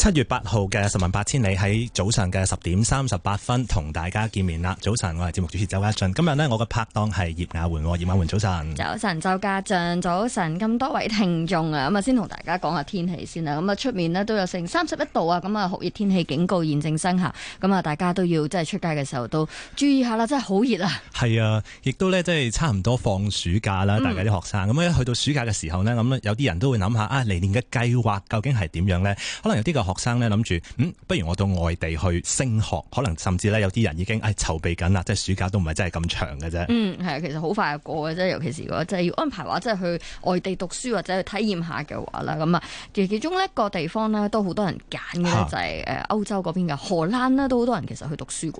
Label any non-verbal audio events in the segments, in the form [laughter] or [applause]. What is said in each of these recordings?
七月八號嘅十萬八千里喺早上嘅十點三十八分同大家見面啦。早晨，我係節目主持周家俊。今日呢，我嘅拍檔係葉雅媛。葉雅媛早晨。早晨，周家俊。早晨。咁多位聽眾啊，咁啊先同大家講下天氣先啦。咁啊出面呢都有成三十一度啊，咁啊酷熱天氣警告現正生效。咁啊大家都要即係出街嘅時候都注意下啦，真係好熱啊。係啊，亦都呢，即係差唔多放暑假啦，嗯，大家啲學生。咁樣，去到暑假嘅時候呢，咁有啲人都會諗下啊嚟年嘅計劃究竟係點樣呢？可能有啲個學生咧諗住，嗯，不如我到外地去升學，可能甚至咧有啲人已經誒籌備緊啦，即係暑假都唔係真係咁長嘅啫。嗯，係啊，其實好快就過嘅啫，尤其是如果即係要安排話，即係去外地讀書或者去體驗下嘅話啦，咁啊，其其中一個地方呢，都好多人揀嘅，就係、是、誒歐洲嗰邊嘅荷蘭啦，都好多人其實去讀書嘅。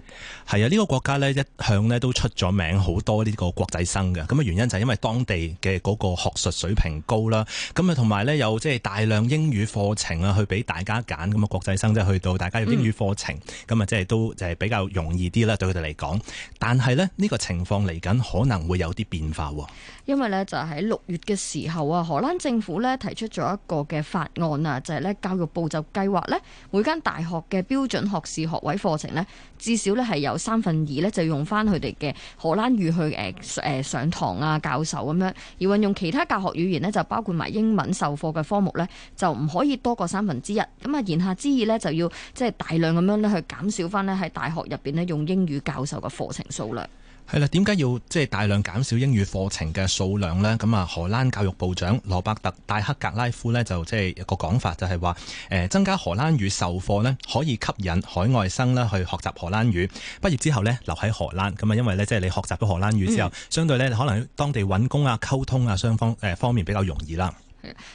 係啊，呢、這個國家呢，一向呢都出咗名好多呢個國際生嘅，咁啊，原因就係因為當地嘅嗰個學術水平高啦，咁啊同埋呢，有即係大量英語課程啊，去俾大家揀。咁嘅國際生即係去到，大家有英語課程，咁、嗯、啊，即係都就係比較容易啲啦，對佢哋嚟講。但係咧，呢、呢個情況嚟緊可能會有啲變化喎。因為呢就喺、係、六月嘅時候啊，荷蘭政府呢提出咗一個嘅法案啊，就係、係、呢教育部就計劃呢每間大學嘅標準學士學位課程呢，至少呢係有三分二呢，就用翻佢哋嘅荷蘭語去誒誒上堂啊、教授咁樣，而運用其他教學語言呢，就包括埋英文授課嘅科目呢，就唔可以多過三分之一。咁啊～言下之意咧，就要即係大量咁樣咧去減少翻咧喺大學入邊咧用英語教授嘅課程數量。係啦，點解要即係大量減少英語課程嘅數量呢？咁啊，荷蘭教育部長羅伯特戴克格拉夫呢，就即係一個講法就，就係話誒增加荷蘭語授課呢，可以吸引海外生啦去學習荷蘭語，畢業之後呢，留喺荷蘭。咁啊，因為呢，即係你學習到荷蘭語之後，嗯、相對呢，可能喺當地揾工啊、溝通啊雙方誒方面比較容易啦。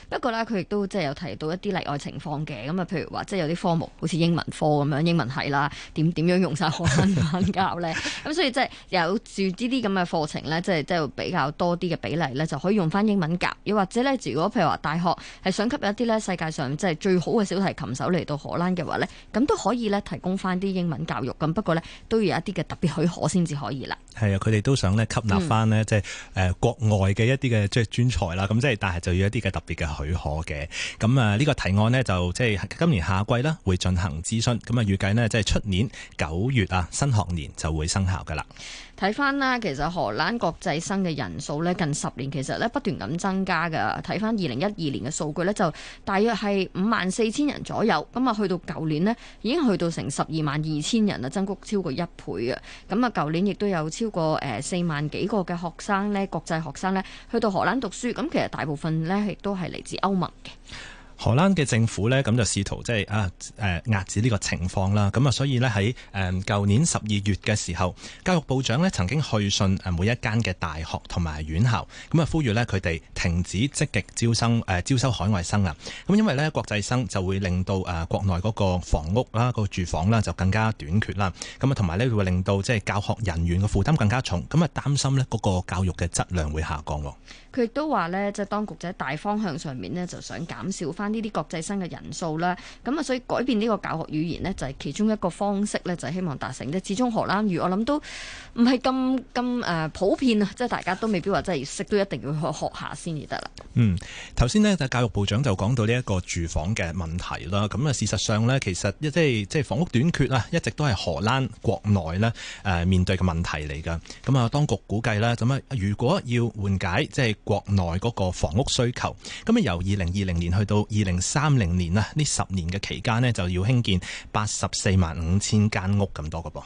不過呢，佢亦都即係有提到一啲例外情況嘅，咁啊，譬如話即係有啲科目，好似英文科咁樣，英文系啦，點樣，點樣用晒荷蘭文教呢？咁 [laughs] 所以即係有住呢啲咁嘅課程呢，即係即係比較多啲嘅比例呢，就可以用翻英文教，又或者呢，如果譬如話大學係想吸引一啲呢世界上即係最好嘅小提琴手嚟到荷蘭嘅話呢，咁都可以呢提供翻啲英文教育咁。不過呢，都要有一啲嘅特別許可先至可以啦。係啊，佢哋都想呢，吸納翻呢，即係誒國外嘅一啲嘅即係專才啦。咁即係，但係就要一啲嘅。特別嘅許可嘅，咁啊呢個提案呢，就即係今年夏季啦，會進行諮詢，咁啊預計呢，即係出年九月啊新學年就會生效㗎喇。睇翻啦，其實荷蘭國際生嘅人數呢，近十年其實呢不斷咁增加噶。睇翻二零一二年嘅數據呢，就大約係五萬四千人左右。咁啊，去到舊年呢，已經去到成十二萬二千人，增幅超過一倍嘅。咁啊，舊年亦都有超過誒四萬幾個嘅學生呢，國際學生呢，去到荷蘭讀書。咁其實大部分呢亦都係嚟自歐盟嘅。荷蘭嘅政府呢，咁就試圖即係啊誒壓止呢個情況啦。咁啊，所以呢，喺誒舊年十二月嘅時候，教育部長咧曾經去信誒每一間嘅大學同埋院校，咁啊呼籲咧佢哋停止積極招生誒招收海外生啊。咁因為呢，國際生就會令到誒國內嗰個房屋啦、個住房啦就更加短缺啦。咁啊同埋呢，會令到即係教學人員嘅負擔更加重。咁啊擔心呢嗰個教育嘅質量會下降喎。佢亦都話呢，即係當局者大方向上面呢，就想減少翻。呢啲國際生嘅人數啦，咁啊，所以改變呢個教學語言呢，就係其中一個方式呢，就係希望達成。即始終荷蘭語我諗都唔係咁咁誒普遍啊，即係大家都未必話真係要識，都一定要去學下先至得啦。嗯，頭先咧，教育部長就講到呢一個住房嘅問題啦。咁啊，事實上呢，其實即係即係房屋短缺啊，一直都係荷蘭國內呢誒面對嘅問題嚟㗎。咁啊，當局估計啦，咁啊，如果要緩解即係國內嗰個房屋需求，咁啊，由二零二零年去到二零三零年啊，呢十年嘅期間呢，就要興建八十四萬五千間屋咁多嘅噃。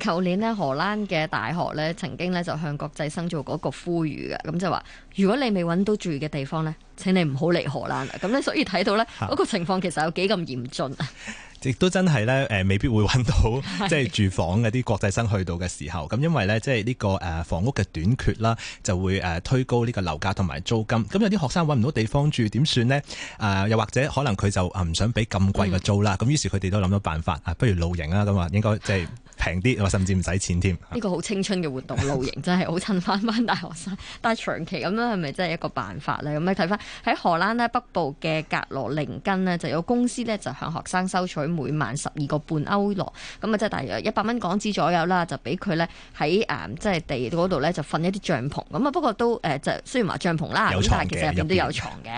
舊年呢，荷蘭嘅大學呢曾經呢，就向國際生做過一個呼籲嘅，咁就話、是：如果你未揾到住嘅地方呢，請你唔好嚟荷蘭。咁咧，所以睇到呢，嗰個情況其實有幾咁嚴峻啊。 [laughs] 亦都真係咧，誒未必會揾到即係住房嗰啲國際生去到嘅時候，咁因為咧即係呢個誒房屋嘅短缺啦，就會誒推高呢個樓價同埋租金。咁有啲學生揾唔到地方住點算咧？誒又或者可能佢就誒唔想俾咁貴嘅租啦。咁、嗯、於是佢哋都諗咗辦法啊，不如露營啦咁啊，應該即係，平啲，甚至唔使錢添。呢、這個好青春嘅活動露營 [laughs] 真係好襯翻翻大學生，但係長期咁樣係咪真係一個辦法咧？咁你睇翻喺荷蘭咧，北部嘅格羅寧根呢，就有公司咧就向學生收取每晚十二個半歐羅，咁啊即係大約一百蚊港紙左右啦，就俾佢咧喺誒即係地嗰度咧就瞓一啲帳篷。咁啊不過都誒就雖然話帳篷啦，咁但係其實入邊都有床嘅。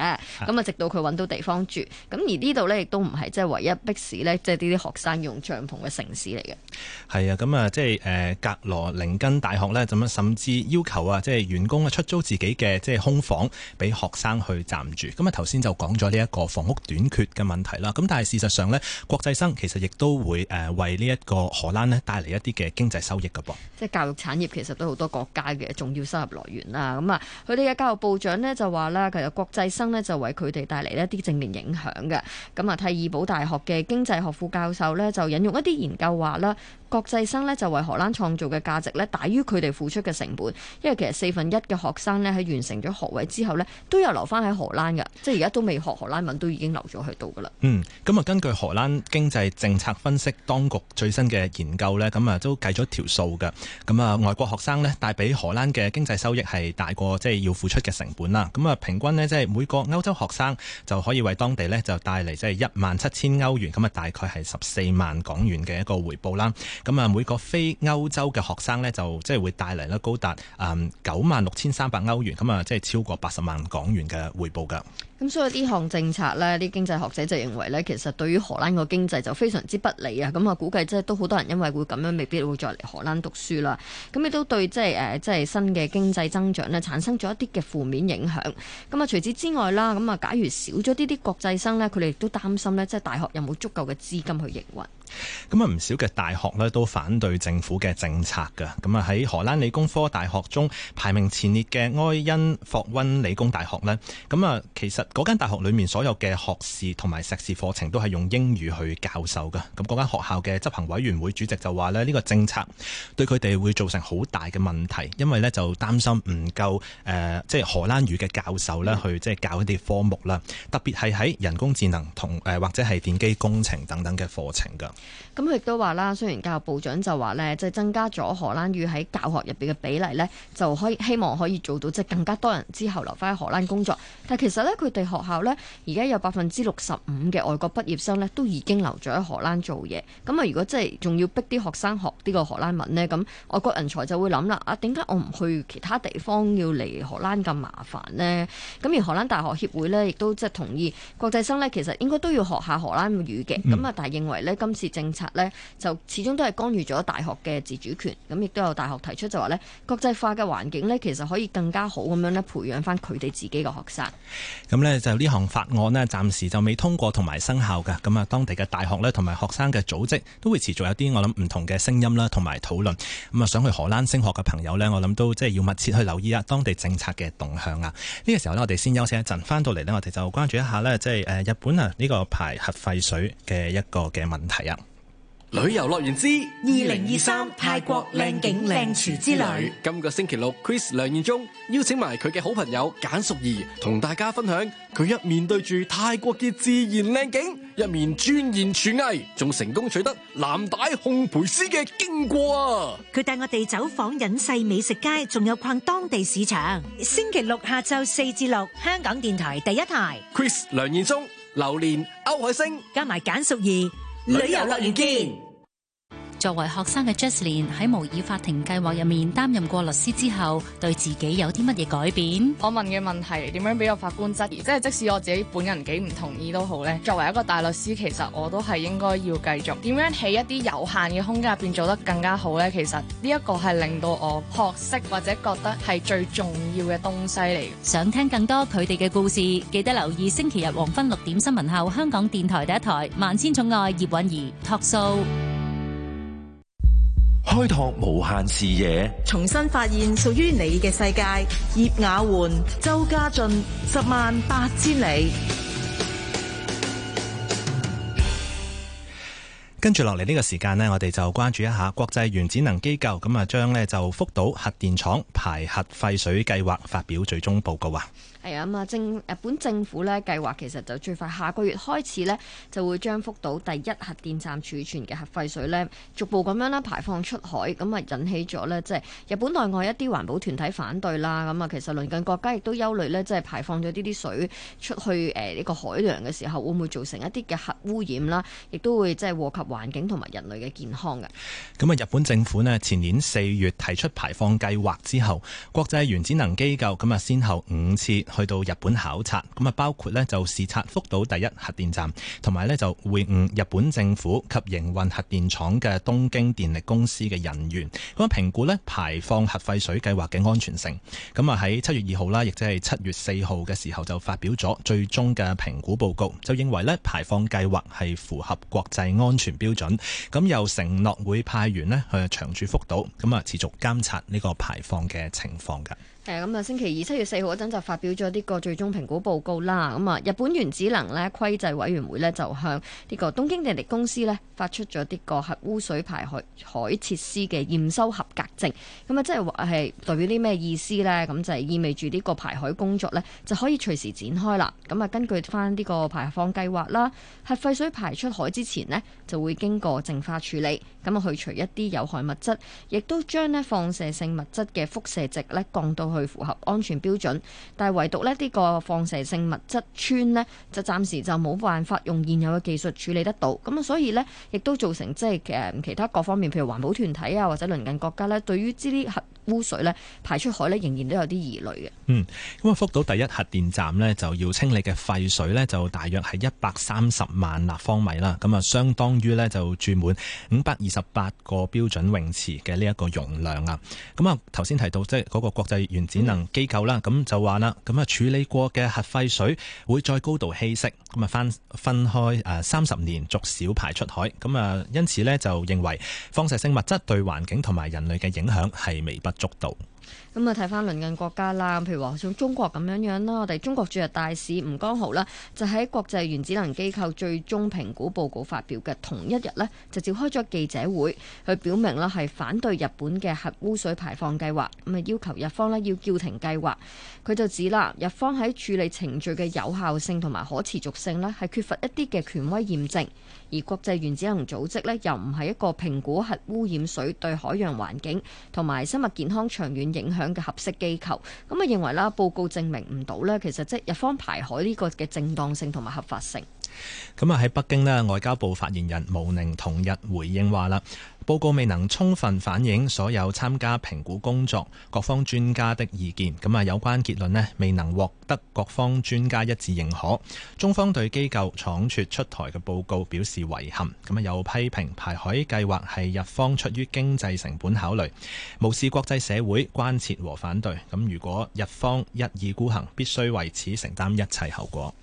咁啊直到佢搵到地方住。咁、啊、而呢度咧亦都唔係即係唯一逼使咧即係呢啲學生用帳篷嘅城市嚟嘅。係啊，咁啊，即係誒，格羅寧根大學呢，咁啊，甚至要求啊，即係員工啊，出租自己嘅即係空房俾學生去暫住。咁啊，頭先就講咗呢一個房屋短缺嘅問題啦。咁但係事實上呢，國際生其實亦都會誒為呢一個荷蘭呢帶嚟一啲嘅經濟收益噶噃。即係教育產業其實都好多國家嘅重要收入來源啦。咁啊，佢哋嘅教育部長呢就話啦，其實國際生呢就為佢哋帶嚟一啲正面影響嘅。咁啊，替爾堡大學嘅經濟學副教授呢，就引用一啲研究話啦。國際生呢就為荷蘭創造嘅價值呢，大於佢哋付出嘅成本，因為其實四分一嘅學生呢喺完成咗學位之後呢都有留返喺荷蘭嘅，即係而家都未學荷蘭文都已經留咗喺度㗎喇。嗯，咁啊，根據荷蘭經濟政策分析當局最新嘅研究呢，咁啊都計咗條數㗎，咁啊外國學生呢帶畀荷蘭嘅經濟收益係大過即係要付出嘅成本啦。咁啊平均呢，即係每個歐洲學生就可以為當地呢就帶嚟即係一萬七千歐元，咁啊大概係十四萬港元嘅一個回報啦。咁啊，每個非歐洲嘅學生呢，就即係會帶嚟咧，高達誒九萬六千三百歐元，咁啊，即係超過八十萬港元嘅回報㗎。咁所以呢項政策呢，啲經濟學者就認為呢，其實對於荷蘭個經濟就非常之不利啊。咁啊，估計即係都好多人因為會咁樣，未必會再嚟荷蘭讀書啦。咁亦都對即係誒，即係新嘅經濟增長呢，產生咗一啲嘅負面影響。咁啊，除此之外啦，咁啊，假如少咗啲啲國際生呢，佢哋都擔心呢，即係大學有冇足夠嘅資金去營運。咁啊，唔少嘅大學呢，都反對政府嘅政策噶。咁啊，喺荷蘭理工科大學中排名前列嘅埃因霍温理工大學呢，咁啊，其實嗰間大學裏面所有嘅學士同埋碩士課程都係用英語去教授噶。咁嗰間學校嘅執行委員會主席就話呢，呢個政策對佢哋會造成好大嘅問題，因為呢就擔心唔夠誒，即係荷蘭語嘅教授呢去即係教一啲科目啦，特別係喺人工智能同誒或者係電機工程等等嘅課程噶。咁佢亦都話啦，雖然教育部長就話咧，即係增加咗荷蘭語喺教學入邊嘅比例咧，就可以希望可以做到即係更加多人之後留翻喺荷蘭工作。但其實咧，佢哋學校咧而家有百分之六十五嘅外國畢業生咧都已經留咗喺荷蘭做嘢。咁啊，如果真係仲要逼啲學生學呢個荷蘭文呢，咁外國人才就會諗啦，啊，點解我唔去其他地方要嚟荷蘭咁麻煩呢？咁而荷蘭大學協會咧亦都即係同意，國際生咧其實應該都要學下荷蘭語嘅。咁啊，但係認為咧，今次。政策呢就始終都係干預咗大學嘅自主權，咁亦都有大學提出就話呢國際化嘅環境呢其實可以更加好咁樣咧培養翻佢哋自己嘅學生。咁咧就呢項法案呢暫時就未通過同埋生效嘅，咁啊當地嘅大學咧同埋學生嘅組織都會持續有啲我諗唔同嘅聲音啦，同埋討論。咁啊想去荷蘭升學嘅朋友咧，我諗都即係要密切去留意下當地政策嘅動向啊。呢個時候咧，我哋先休息一陣，翻到嚟咧，我哋就關注一下咧，即係誒日本啊呢個排核廢水嘅一個嘅問題啊。旅遊樂園之二零二三泰國靚景靚廚之旅，今個星期六，Chris 梁彥宗邀請埋佢嘅好朋友簡淑儀，同大家分享佢一面對住泰國嘅自然靚景，一面鑽研廚藝，仲成功取得藍帶烘焙師嘅經過啊！佢帶我哋走訪隱世美食街，仲有逛當地市場。星期六下晝四至六，香港電台第一台，Chris 梁彥宗、劉念、歐海星加埋簡淑儀，旅遊樂園見。作為學生嘅 Justine 喺模擬法庭計劃入面擔任過律師之後，對自己有啲乜嘢改變？我問嘅問題點樣俾我法官質疑？即係即使我自己本人幾唔同意都好咧，作為一個大律師，其實我都係應該要繼續點樣喺一啲有限嘅空間入邊做得更加好咧。其實呢一個係令到我學識或者覺得係最重要嘅東西嚟。想聽更多佢哋嘅故事，記得留意星期日黃昏六點新聞後，香港電台第一台《萬千寵愛葉韻儀》Talk Show。開拓無限視野，重新發現屬於你嘅世界。葉雅媛、周家俊，十萬八千里。跟住落嚟呢個時間呢，我哋就關注一下國際原子能機構咁啊，將呢就福島核電廠排核廢水計劃發表最終報告啊。係啊，啊，政日本政府咧計劃其實就最快下個月開始咧，就會將福島第一核電站儲存嘅核廢水咧，逐步咁樣咧排放出海，咁啊引起咗咧即係日本內外一啲環保團體反對啦。咁啊，其實鄰近國家亦都憂慮咧，即係排放咗呢啲水出去誒呢個海洋嘅時候，會唔會造成一啲嘅核污染啦？亦都會即係禍及環境同埋人類嘅健康嘅。咁啊，日本政府呢，前年四月提出排放計劃之後，國際原子能機構咁啊，先後五次，去到日本考察，咁啊包括咧就視察福島第一核電站，同埋咧就會晤日本政府及營運核電廠嘅東京電力公司嘅人員，咁啊評估咧排放核廢水計劃嘅安全性。咁啊喺七月二號啦，亦即係七月四號嘅時候就發表咗最終嘅評估報告，就認為咧排放計劃係符合國際安全標準。咁又承諾會派員咧去長駐福島，咁啊持續監察呢個排放嘅情況噶。誒咁啊，星期二七月四號嗰陣就發表咗呢個最終評估報告啦。咁啊，日本原子能咧規制委員會咧就向呢個東京電力公司咧發出咗呢個核污水排海海設施嘅驗收合格證。咁啊，即係話係代表啲咩意思呢？咁就係、是、意味住呢個排海工作咧就可以隨時展開啦。咁啊，根據返呢個排放計劃啦，核廢水排出海之前咧就會經過淨化處理，咁啊去除一啲有害物質，亦都將咧放射性物質嘅輻射值咧降到去去符合安全標準，但係唯獨咧呢個放射性物質氚咧，就暫時就冇辦法用現有嘅技術處理得到。咁啊，所以咧亦都造成即係其他各方面，譬如環保團體啊，或者鄰近國家咧，對於呢啲核污水咧排出海咧，仍然都有啲疑慮嘅。嗯，咁啊，福島第一核電站呢，就要清理嘅廢水呢，就大約係一百三十萬立方米啦。咁啊，相當於呢，就注滿五百二十八個標準泳池嘅呢一個容量啊。咁啊，頭先提到即係嗰個國際原子能機構啦，咁、嗯、就話啦，咁啊處理過嘅核廢水會再高度稀釋，咁啊分分開誒三十年逐少排出海。咁啊，因此呢，就認為放射性物質對環境同埋人類嘅影響係微不。捉到，咁啊，睇翻鄰近國家啦，譬如話像中國咁樣樣啦，我哋中國駐日大使吳江浩啦，就喺國際原子能機構最終評估報告發表嘅同一日呢，就召開咗記者會，佢表明啦係反對日本嘅核污水排放計劃，咁啊要求日方呢要叫停計劃。佢就指啦，日方喺處理程序嘅有效性同埋可持續性呢，係缺乏一啲嘅權威驗證。而國際原子能組織咧又唔係一個評估核污染水對海洋環境同埋生物健康長遠影響嘅合適機構，咁啊認為啦報告證明唔到咧，其實即係日方排海呢個嘅正當性同埋合法性。咁啊喺北京呢，外交部發言人毛寧同日回應話啦：報告未能充分反映所有參加評估工作各方專家的意見，咁啊有關結論呢，未能獲得各方專家一致認可。中方對機構倉促出台嘅報告表示遺憾，咁啊有批評排海計劃係日方出於經濟成本考慮，無視國際社會關切和反對。咁如果日方一意孤行，必須為此承擔一切後果。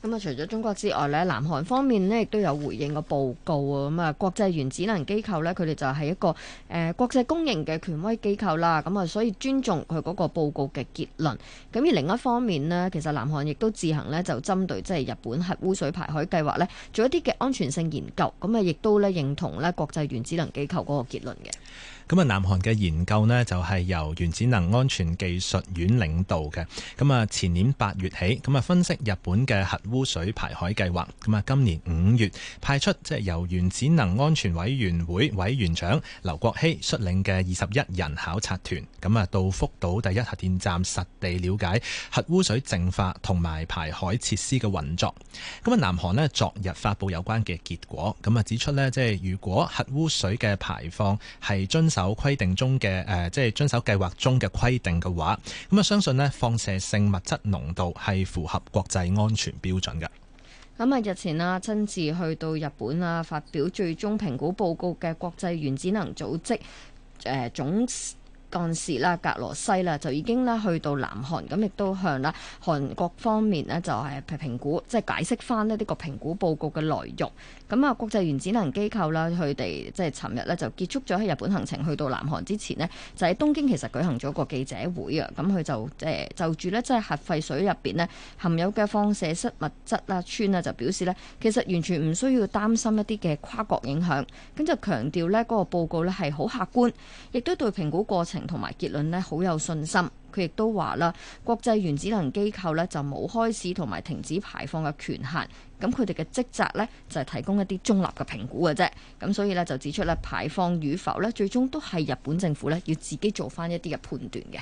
咁啊，除咗中國之外咧，南韓方面咧亦都有回應個報告啊。咁啊，國際原子能機構咧，佢哋就係一個誒國際公認嘅權威機構啦。咁啊，所以尊重佢嗰個報告嘅結論。咁而另一方面咧，其實南韓亦都自行咧就針對即係日本核污水排海計劃咧做一啲嘅安全性研究。咁啊，亦都咧認同咧國際原子能機構嗰個結論嘅。咁啊，南韓嘅研究咧就係由原子能安全技術院領導嘅。咁啊，前年八月起，咁啊分析日本嘅核污水排海計劃，咁啊，今年五月派出即係由原子能安全委員會委員長劉國希率領嘅二十一人考察團，咁啊到福島第一核電站實地了解核污水淨化同埋排海設施嘅運作。咁啊，南韓咧昨日發布有關嘅結果，咁啊指出咧即係如果核污水嘅排放係遵守守規定中嘅誒，即係遵守計劃中嘅規定嘅話，咁啊相信呢放射性物質濃度係符合國際安全標準嘅。咁啊，日前啊，親自去到日本啊，發表最終評估報告嘅國際原子能組織誒、呃、總幹事啦、格羅西啦，就已經咧去到南韓，咁亦都向啦韓國方面咧就係評估，即、就、係、是、解釋翻咧呢個評估報告嘅內容。咁啊，國際原子能機構啦，佢哋即係尋日咧就結束咗喺日本行程，去到南韓之前咧，就喺東京其實舉行咗個記者會啊。咁佢就誒就住咧即係核廢水入邊咧含有嘅放射性物質啊、氚啊，就表示咧其實完全唔需要擔心一啲嘅跨國影響。咁就強調呢嗰個報告咧係好客觀，亦都對評估過程，同埋結論呢，好有信心。佢亦都話啦，國際原子能機構呢就冇開始同埋停止排放嘅權限。咁佢哋嘅職責呢，就係提供一啲中立嘅評估嘅啫。咁所以呢，就指出咧排放與否呢，最終都係日本政府呢要自己做翻一啲嘅判斷嘅。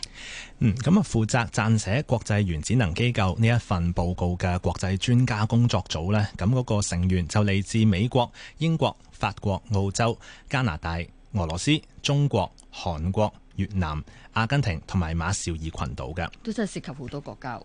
嗯，咁啊，負責撰寫國際原子能機構呢一份報告嘅國際專家工作組呢，咁嗰個成員就嚟自美國、英國、法國、澳洲、加拿大、俄羅斯、中國、韓國、越南、阿根廷同埋馬紹爾群島嘅，都真係涉及好多國家喎。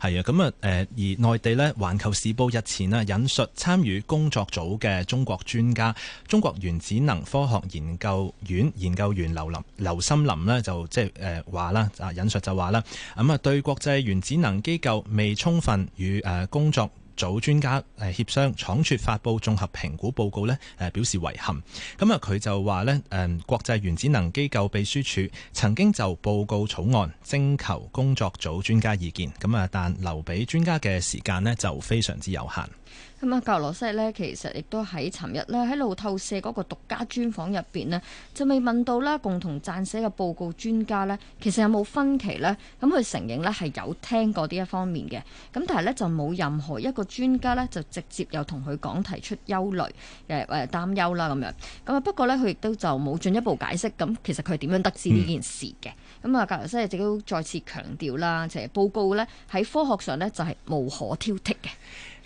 係啊，咁啊，誒而內地呢，《環球時報》日前啊引述參與工作組嘅中國專家、中國原子能科學研究院研究員劉林、劉森林呢就即係誒話啦啊，引述就話啦，咁啊對國際原子能機構未充分與誒工作組專家誒協商，廠處發布綜合評估報告咧，誒表示遺憾。咁啊，佢就話咧誒，國際原子能機構秘書處曾經就報告草案徵求工作組專家意見，咁啊，但留俾專家嘅時間咧就非常之有限。咁啊，格羅西咧，其實亦都喺尋日咧喺路透社嗰個獨家專訪入邊呢，就未問到啦。共同撰寫嘅報告專家呢，其實有冇分歧呢？咁佢承認呢係有聽過呢一方面嘅，咁但係呢，就冇任何一個專家呢，就直接又同佢講提出憂慮，誒或擔憂啦咁樣。咁啊，不過呢，佢亦都就冇進一步解釋，咁其實佢點樣得知呢件事嘅？咁、嗯、啊，格羅西亦都再次強調啦，就係、是、報告呢喺科學上呢，就係、是、無可挑剔嘅。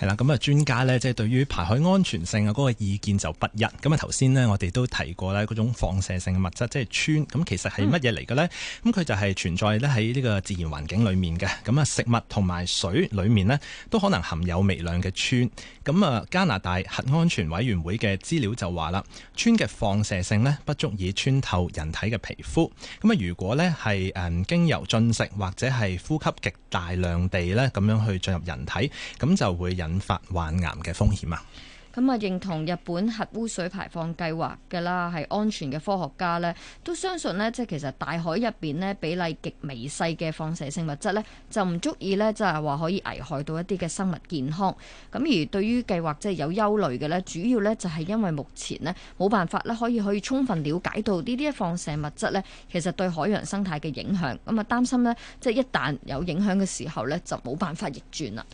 係啦，咁啊專家咧，即係對於排海安全性啊嗰個意見就不一。咁啊頭先呢，我哋都提過咧嗰種放射性嘅物質，即係氚。咁其實係乜嘢嚟嘅呢？咁、嗯、佢就係存在咧喺呢個自然環境裏面嘅。咁啊食物同埋水裏面呢，都可能含有微量嘅氚。咁啊加拿大核安全委員會嘅資料就話啦，氚嘅放射性呢，不足以穿透人體嘅皮膚。咁啊如果呢係誒經由進食或者係呼吸極大量地咧咁樣去進入人體，咁就會引引發患癌嘅風險啊！咁啊，認同日本核污水排放計劃嘅啦，係安全嘅科學家呢都相信呢。即係其實大海入邊呢比例極微細嘅放射性物質呢，就唔足以呢，即係話可以危害到一啲嘅生物健康。咁而對於計劃即係有憂慮嘅呢，主要呢就係因為目前呢，冇辦法呢可以可以充分了解到呢啲放射物質呢，其實對海洋生態嘅影響。咁啊，擔心呢，即係一旦有影響嘅時候呢，就冇辦法逆轉啦。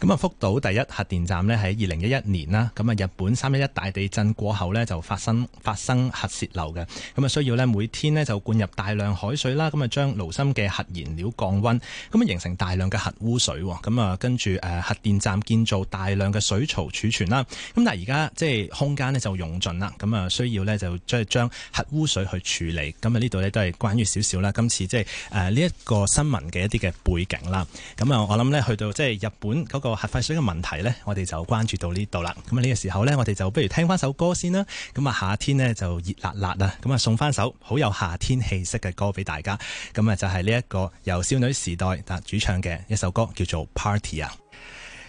咁啊，福島第一核電站呢，喺二零一一年啦。咁啊，日本三一一大地震過後呢，就發生發生核泄漏嘅，咁啊需要呢，每天呢就灌入大量海水啦，咁啊將爐心嘅核燃料降溫，咁啊形成大量嘅核污水，咁啊跟住誒核電站建造大量嘅水槽儲存啦，咁但係而家即係空間呢，就用盡啦，咁啊需要呢，就即係將核污水去處理，咁啊呢度呢，都係關於少少啦，今次即係誒呢一個新聞嘅一啲嘅背景啦，咁啊我諗呢，去到即係日本嗰個核廢水嘅問題呢，我哋就關注到呢度啦，咁嘅時候呢，我哋就不如聽翻首歌先啦。咁啊，夏天呢就熱辣辣啊！咁啊，送翻首好有夏天氣息嘅歌俾大家。咁啊，就係呢一個由少女時代但主唱嘅一首歌，叫做《Party》啊，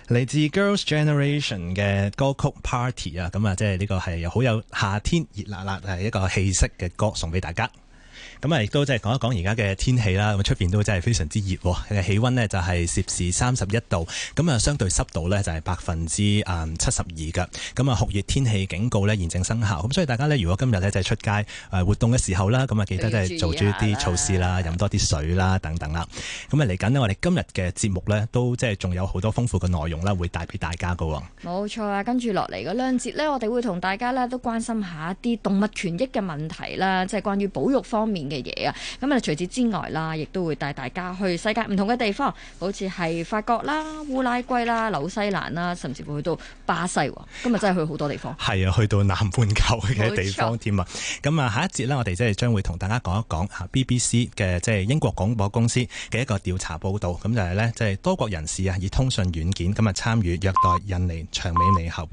嚟自 Girls Generation 嘅歌曲《Party》啊。咁啊，即係呢個係好有夏天熱辣辣嘅一個氣息嘅歌，送俾大家。咁啊，亦都即係講一講而家嘅天氣啦。咁出邊都真係非常之熱喎，氣温呢，就係攝氏三十一度。咁啊，相對濕度呢，就係百分之七十二㗎。咁啊，酷熱天氣警告呢，現正生效。咁所以大家呢，如果今日呢，就係出街誒活動嘅時候啦，咁啊記得都係做住啲措施啦，飲多啲水啦，等等啦。咁啊，嚟緊呢，我哋今日嘅節目呢，都即係仲有好多豐富嘅內容啦，會帶俾大家㗎喎。冇錯啊，跟住落嚟嘅兩節呢，我哋會同大家呢，都關心下一啲動物權益嘅問題啦，即係關於保育方面。嘅嘢啊，咁啊除此之外啦，亦都會帶大家去世界唔同嘅地方，好似係法國啦、烏拉圭啦、紐西蘭啦，甚至會去到巴西。今日真係去好多地方，係啊，去到南半球嘅地方添啊。咁啊，下一節呢，我哋即係將會同大家講一講 BBC 嘅即係、就是、英國廣播公司嘅一個調查報導，咁就係呢，即係多國人士啊，以通訊軟件今日參與虐待印尼長尾猴。